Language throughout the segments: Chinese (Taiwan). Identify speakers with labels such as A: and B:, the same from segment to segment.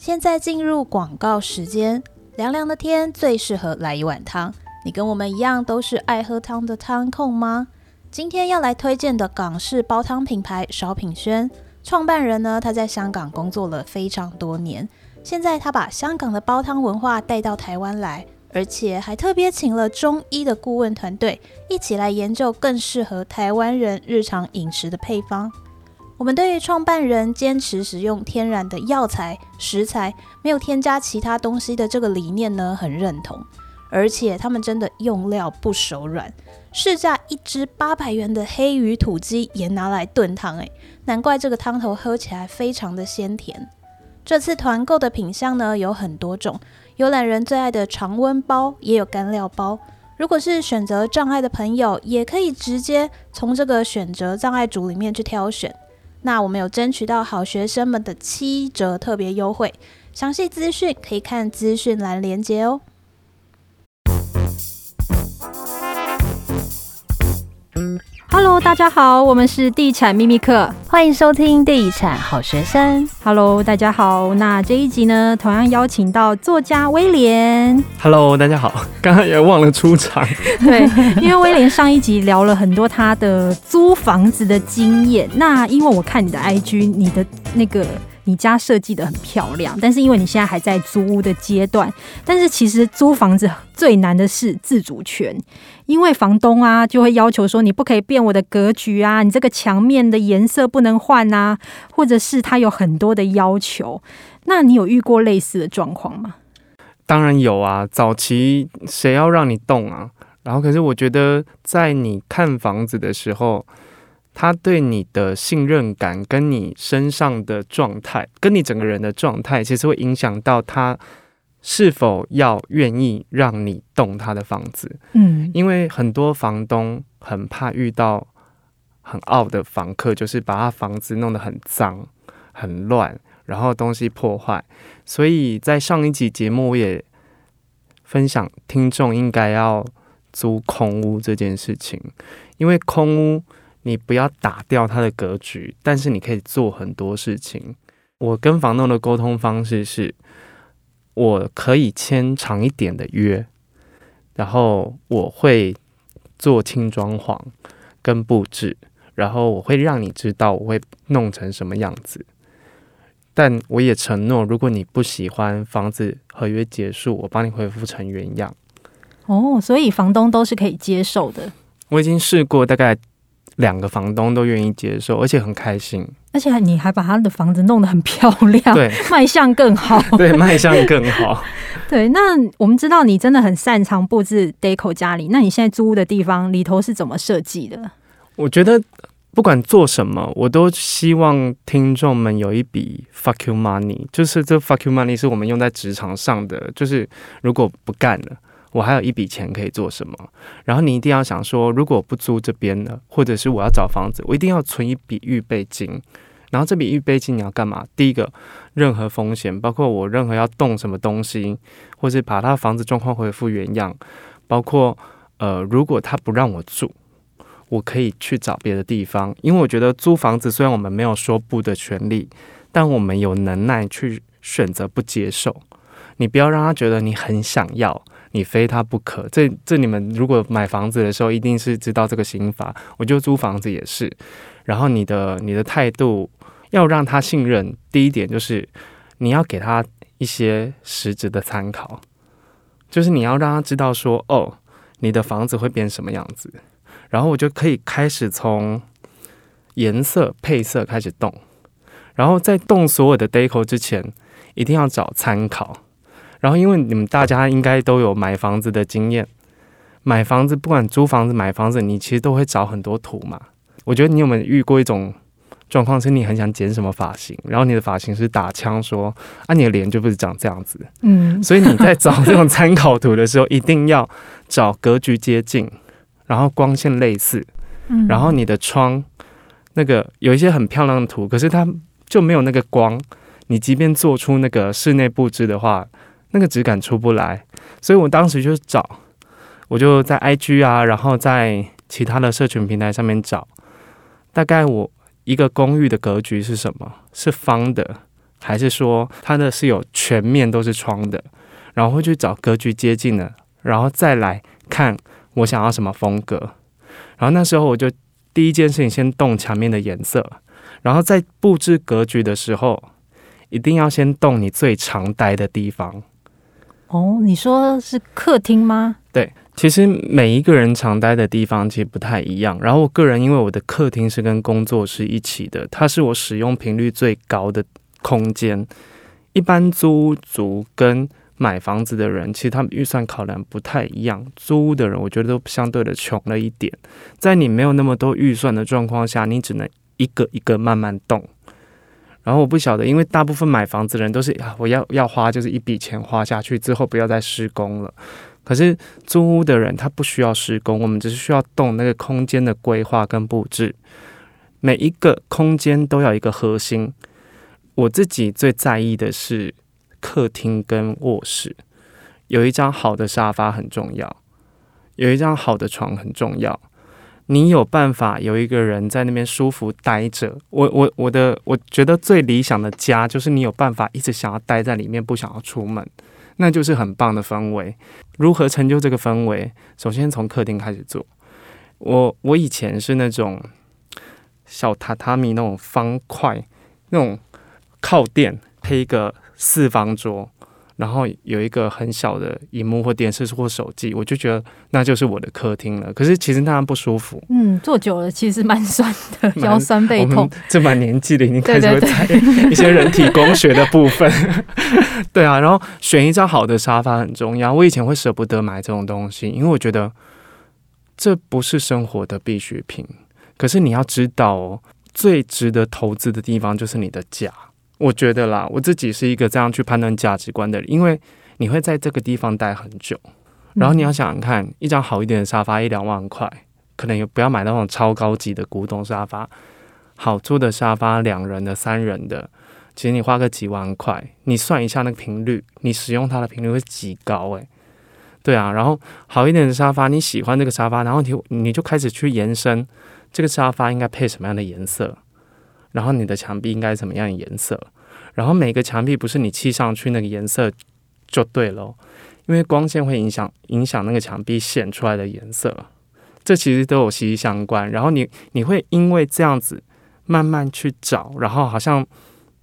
A: 現在進入廣告時間，涼涼的天最適合來一碗湯。你跟我們一樣都是愛喝湯的湯控嗎？今天要來推薦的港式煲湯品牌——芍品軒，創辦人呢，他在香港工作了非常多年，現在他把香港的煲湯文化帶到台灣來，而且還特別請了中醫的顧問團隊一起來研究更適合台灣人日常飲食的配方。我們對於創辦人堅持使用天然的藥材食材，沒有添加其他東西的這個理念呢，很認同。而且他們真的用料不手軟，市價一隻八百元的黑羽土雞也拿來燉湯，誒，難怪這個湯頭喝起來非常的鮮甜。這次團購的品項呢有很多種，有懶人最愛的常溫包，也有乾料包。如果是選擇障礙的朋友，也可以直接從這個選擇障礙組裡面去挑選。那我們有爭取到好學聲們的七折特別優惠，詳細資訊可以看資訊欄連接哦。
B: Hello，大家好，我們是地產秘密客，歡迎收聽地產好學生。Hello，大家好，那這一集呢，同樣邀請到作家威廉。
C: Hello，大家好，剛剛也忘了出場。
B: 對，因為威廉上一集聊了很多他的租房子的經驗。那因為我看你的 IG，你的那個。你家設計得很漂亮，但是因為你現在還在租屋的階段，但是其實租房子最難的是自主權，因為房東啊就會要求說你不可以變我的格局啊，你這個牆面的顏色不能換啊，或者是他有很多的要求。那你有遇過類似的狀況嗎？
C: 當然有啊，早期誰要讓你動啊？然後可是我覺得在你看房子的時候，他對你的信任感，跟你身上的狀態，跟你整個人的狀態，其實會影響到他是否要願意讓你動他的房子。嗯，因為很多房東很怕遇到很傲的房客，就是把他房子弄得很髒、很亂，然後東西破壞。所以在上一集節目，我也分享聽眾應該要租空屋這件事情，因為空屋。你不要打掉他的格局，但是你可以做很多事情。我跟房東的溝通方式是，我可以簽長一點的約，然後我會做輕裝潢跟佈置，然後我會讓你知道我會弄成什麼樣子。但我也承諾，如果你不喜歡房子，合約結束，我幫你恢復成原樣。
B: 哦，所以房東都是可以接受的。
C: 我已經試過，大概。兩個房東都願意接受，而且很開心。
B: 而且你還把他的房子弄得很漂亮，對，對，賣相更好。對，賣相更好。對，那我們知道你真的很擅長布置 deco 家裡。那你現在租的地方裡頭是怎麼設計的？
C: 我覺得不管做什麼，我都希望聽眾們有一筆 fuck you money，就是這 fuck you money 是我們用在職場上的，就是如果不幹了。我還有一筆錢可以做什麼？然後你一定要想說，如果我不租這邊的，或者是我要找房子，我一定要存一筆預備金。然後這筆預備金你要幹嘛？第一個，任何風險，包括我任何要動什麼東西，或是把他房子狀況恢復原樣，包括呃，如果他不讓我住，我可以去找別的地方。因為我覺得租房子，雖然我們沒有說不的權利，但我們有能耐去選擇不接受。你不要讓他覺得你很想要。你非他不可，這這你們如果買房子的時候，一定是知道這個心法。我就租房子也是，然後你的你的態度要讓他信任，第一點就是你要給他一些實質的參考，就是你要讓他知道說，哦，你的房子會變什麼樣子，然後我就可以開始從顏色配色開始動，然後在動所有的 deco 之前，一定要找參考。然後，因為你們大家應該都有買房子的經驗，買房子不管租房子買房子，你其實都會找很多圖嘛。我覺得你有沒有遇過一種狀況，是你很想剪什麼髮型，然後你的髮型師打槍說：“啊，你的臉就不是長這樣子。”嗯，所以你在找這種參考圖的時候， 一定要找格局接近，然後光線類似，
A: 嗯，然後
C: 你的窗那個有一些很漂亮的圖，可是它就沒有那個光，你即便做出那個室內布置的話。那個質感出不來，所以我當時就找，我就在 IG 啊，然後在其他的社群平台上面找。大概我一個公寓的格局是什麼？是方的，還是說它的是有全面都是窗的？然後會去找格局接近的，然後再來看我想要什麼風格。然後那時候我就第一件事情先動牆面的顏色，然後在布置格局的時候，一定要先動你最常待的地方。
B: 哦，你說是客廳嗎？
C: 對，其實每一個人常待的地方其實不太一樣。然後，我個人因為我的客廳是跟工作室一起的，它是我使用頻率最高的空間。一般租屋族跟買房子的人，其實他們預算考量不太一樣。租屋的人我覺得都相對的窮了一點，在你沒有那麼多預算的狀況下，你只能一個一個慢慢動。然後我不曉得，因為大部分買房子的人都是啊，我要要花就是一筆錢花下去之後不要再施工了。可是租屋的人他不需要施工，我們只是需要動那個空間的規劃跟布置。每一個空間都要一個核心。我自己最在意的是客廳跟臥室，有一張好的沙發很重要，有一張好的床很重要。你有辦法有一個人在那邊舒服待着，我我我的我覺得最理想的家就是你有辦法一直想要待在裡面，不想要出門，那就是很棒的氛圍。如何成就這個氛圍？首先從客廳開始做。我我以前是那種小榻榻米那種方塊那種靠墊配一個四方桌。然後有一個很小的熒幕或電視或手機，我就覺得那就是我的客廳了。可是其實那樣不舒服，嗯，
B: 坐久了其實蠻酸的，腰酸背痛。蠻我
C: 們這把年紀的已經開始會在一些人體工學的部分，對，對，對。 對啊。然後選一張好的沙發很重要。我以前會捨不得買這種東西，因為我覺得這不是生活的必需品。可是你要知道，哦，最值得投資的地方就是你的家。我覺得啦，我自己是一個這樣去判斷價值觀的人，因為你會在這個地方待很久，然後你要想想看，一張好一點的沙發一兩萬塊，可能也不要買那種超高級的古董沙發，好坐的沙發，兩人的、三人的，其實你花個幾萬塊，你算一下那個頻率，你使用它的頻率會極高誒、欸，對啊，然後好一點的沙發，你喜歡這個沙發，然後你你就開始去延伸這個沙發應該配什麼樣的顏色。然後你的牆壁應該怎麼樣的顏色？然後每個牆壁不是你漆上去那個顏色就對嘍，因為光線會影響影響那個牆壁顯出來的顏色，這其實都有息息相關。然後你你會因為這樣子慢慢去找，然後好像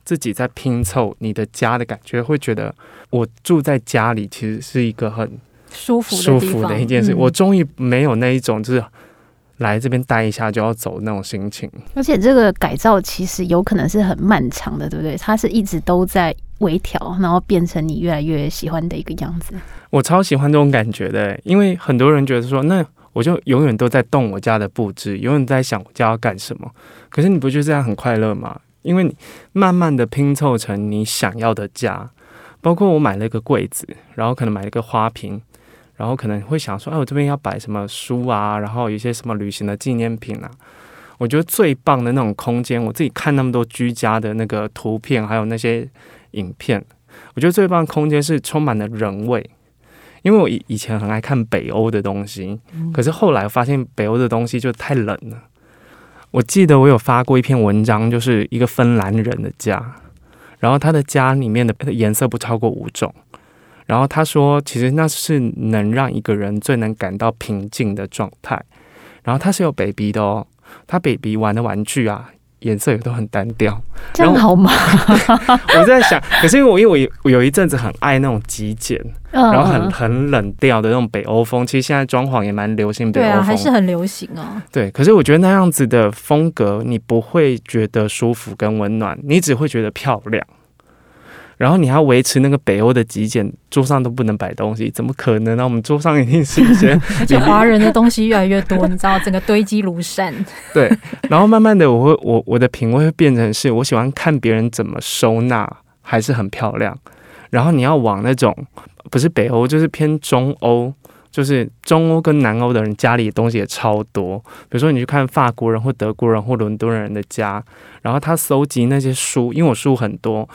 C: 自己在拼湊你的家的感覺，會覺得我住在家裡其實是一個很舒服舒服的一件事。嗯，我終於沒有那一種就是。來這邊待一下就要走那種心情，
A: 而且這個改造其實有可能是很漫長的，對不對？它是一直都在微調，然後變成你越來越喜歡的一個樣子。
C: 我超喜歡這種感覺的，因為很多人覺得說，那我就永遠都在動我家的佈置，永遠在想我家要幹什麼。可是你不覺得這樣很快樂嗎？因為你慢慢的拼湊成你想要的家，包括我買了一個櫃子，然後可能買了一個花瓶。然後可能會想說，哎，我這邊要擺什麼書啊？然後一些什麼旅行的紀念品啊？我覺得最棒的那種空間，我自己看那麼多居家的那個圖片，還有那些影片，我覺得最棒的空間是充滿了人味。因為我以以前很愛看北歐的東西，嗯，可是後來發現北歐的東西就太冷了。我記得我有發過一篇文章，就是一個芬蘭人的家，然後他的家裡面的顏色不超過五種。然後他說，其實那是能讓一個人最能感到平靜的狀態。然後他是有 baby 的哦，他 baby 玩的玩具啊，顏色也都很單調。
A: 這樣好嗎？
C: 我在想，可是因為我因為我有有一陣子很愛那種極簡， 然後很很冷調的那種北歐風。其實現在裝潢也蠻流行北歐風，啊、還是
B: 很流行哦。
C: 對，可是我覺得那樣子的風格，你不會覺得舒服跟溫暖，你只會覺得漂亮。然後你還要維持那個北歐的極簡，桌上都不能擺東西，怎麼可能呢、啊？我們桌上一定是一些，而且華人
B: 的東西越來越多， 你知道，整個堆積如山。
C: 對，然後慢慢的我，我會我我的品味會變成是我喜歡看別人怎麼收納，還是很漂亮。然後你要往那種不是北歐，就是偏中歐，就是中歐跟南歐的人家裡的東西也超多。比如說你去看法國人或德國人或倫敦人的家，然後他搜集那些書，因為我書很多。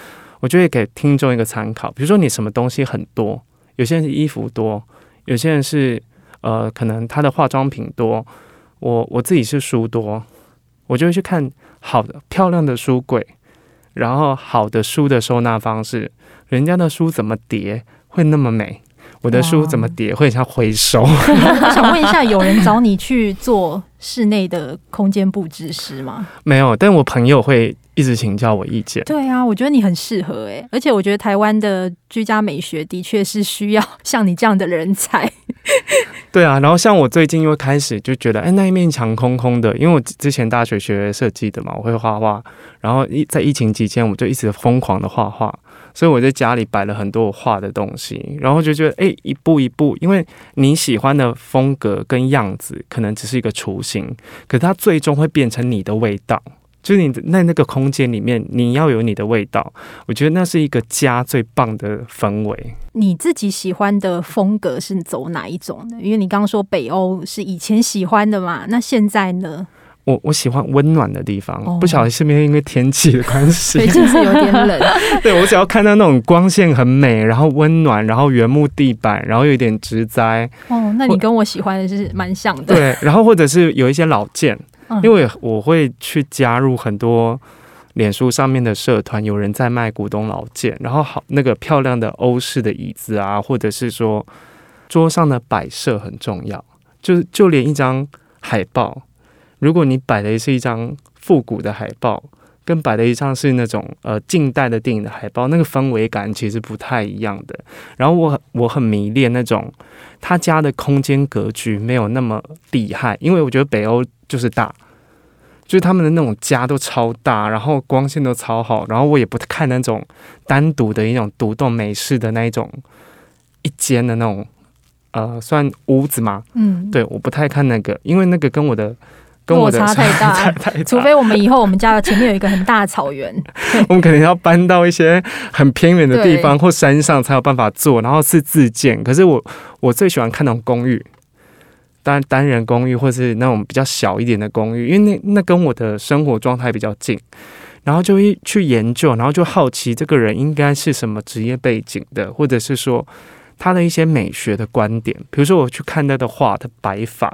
C: 我就會給聽眾一個參考，比如說你什麼東西很多，有些人是衣服多，有些人是呃，可能他的化妝品多。我我自己是書多，我就會去看好的漂亮的書櫃，然後好的書的收納方式，人家的書怎麼疊會那麼美，我的書怎麼疊會像回收。哇 我想問一下，有人找
B: 你去做室內的空間布置師嗎？
C: 沒有，但我朋友會。一直請教我意見，
B: 對啊，我覺得你很適合哎、欸，而且我覺得台灣的居家美學的確是需要像你這樣的人才。
C: 對啊，然後像我最近又開始就覺得，哎、欸，那一面牆空空的，因為我之前大學學設計的嘛，我會畫畫，然後在疫情期間，我就一直瘋狂的畫畫，所以我在家裡擺了很多我畫的東西，然後就覺得，哎、欸，一步一步，因為你喜歡的風格跟樣子，可能只是一個雛形，可它最終會變成你的味道。就是你那那個空間裡面，你要有你的味道。我覺得那是一個家最棒的氛圍。
B: 你自己喜歡的風格是走哪一種呢？因為你剛剛說北歐是以前喜歡的嘛，那現在呢？
C: 我我喜歡溫暖的地方，oh. 不曉得是不是因為天氣的關係。最近是有點冷。對，我只要看到那種光線很美，然後溫暖，然後原木地板，然後有點植栽。
B: 哦，oh, 那你跟我喜歡的是蠻像的。對，
C: 然後或者是有一些老件。因為我會去加入很多臉書上面的社團，有人在賣古董老件，然後好那個漂亮的歐式的椅子啊，或者是說桌上的擺設很重要，就就連一張海報，如果你擺的是一張復古的海報。跟擺的一張是那種呃近代的電影的海報，那個氛圍感其實不太一樣的。然後我我很迷戀那種他家的空間格局沒有那麼厲害，因為我覺得北歐就是大，就是他們的那種家都超大，然後光線都超好。然後我也不太看那種單獨的一種獨棟美式的那一種一間的那種呃算屋子嘛。嗯，對，我不太看那個，因為那個跟我的。跟我的差太大，太大，除非我
B: 們以後我們家的前面有一個很大的草原，
C: 我們可能要搬到一些很偏遠的地方或山上才有辦法做，對 然後是自建。可是我我最喜歡看那種公寓，單單人公寓或是那種比較小一點的公寓，因為那那跟我的生活狀態比較近。然後就一去研究，然後就好奇這個人應該是什麼職業背景的，或者是說他的一些美學的觀點。比如說我去看他的畫，的白髮，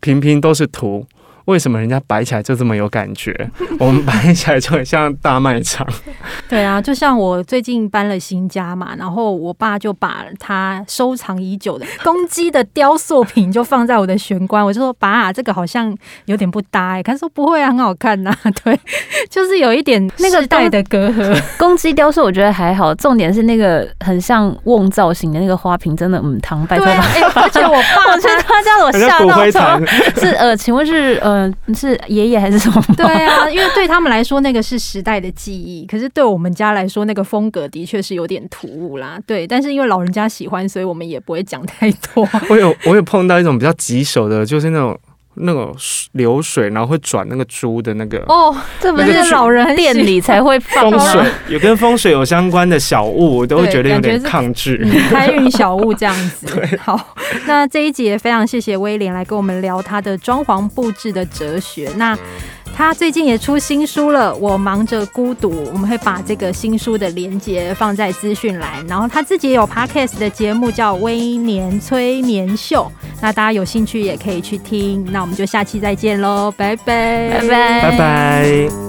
C: 平平都是圖。為什麼人家擺起來就這麼有感覺？我們擺起來就很像大賣場。
B: 對啊，就像我最近搬了新家嘛，然後我爸就把他收藏已久的公雞的雕塑品就放在我的玄關。我就說：“爸、啊，這個好像有點不搭、欸。”哎，他說：“不會啊，很好看吶、啊。”對，就是有一點那個代的隔閡。
A: 公雞雕塑我覺得還好，重點是那個很像甕造型的那個花瓶，真的，嗯，唐擺出哎，而且我爸覺得怕他叫我笑到我。是呃，請問是呃。嗯，是爺爺還是什麼？對啊，因為
B: 對他們來說，那個是時代的記憶。可是對我們家來說，那個風格的確是有點突兀啦。對，但是因為老人家喜歡，所以我們也不會講太
C: 多。 我有，我有碰到一種比較棘手的，就是那種。那個流水，然後會轉那個珠的那個哦，
A: 這不是老人店裡才會放嗎？風水
C: 有跟風水有相關的小物，我都會覺得有點抗拒。嗯、開
B: 運小物這樣子， 對，好。那這一集也非常謝謝威廉來跟我們聊他的裝潢佈置的哲學。那。嗯他最近也出新書了，我忙着孤獨。我們會把這個新書的連結放在資訊欄，然後他自己也有 podcast 的節目，叫《威年催眠秀》，那大家有興趣也可以去聽。那我們就下期再見嘍，拜拜，拜拜，拜拜。拜
C: 拜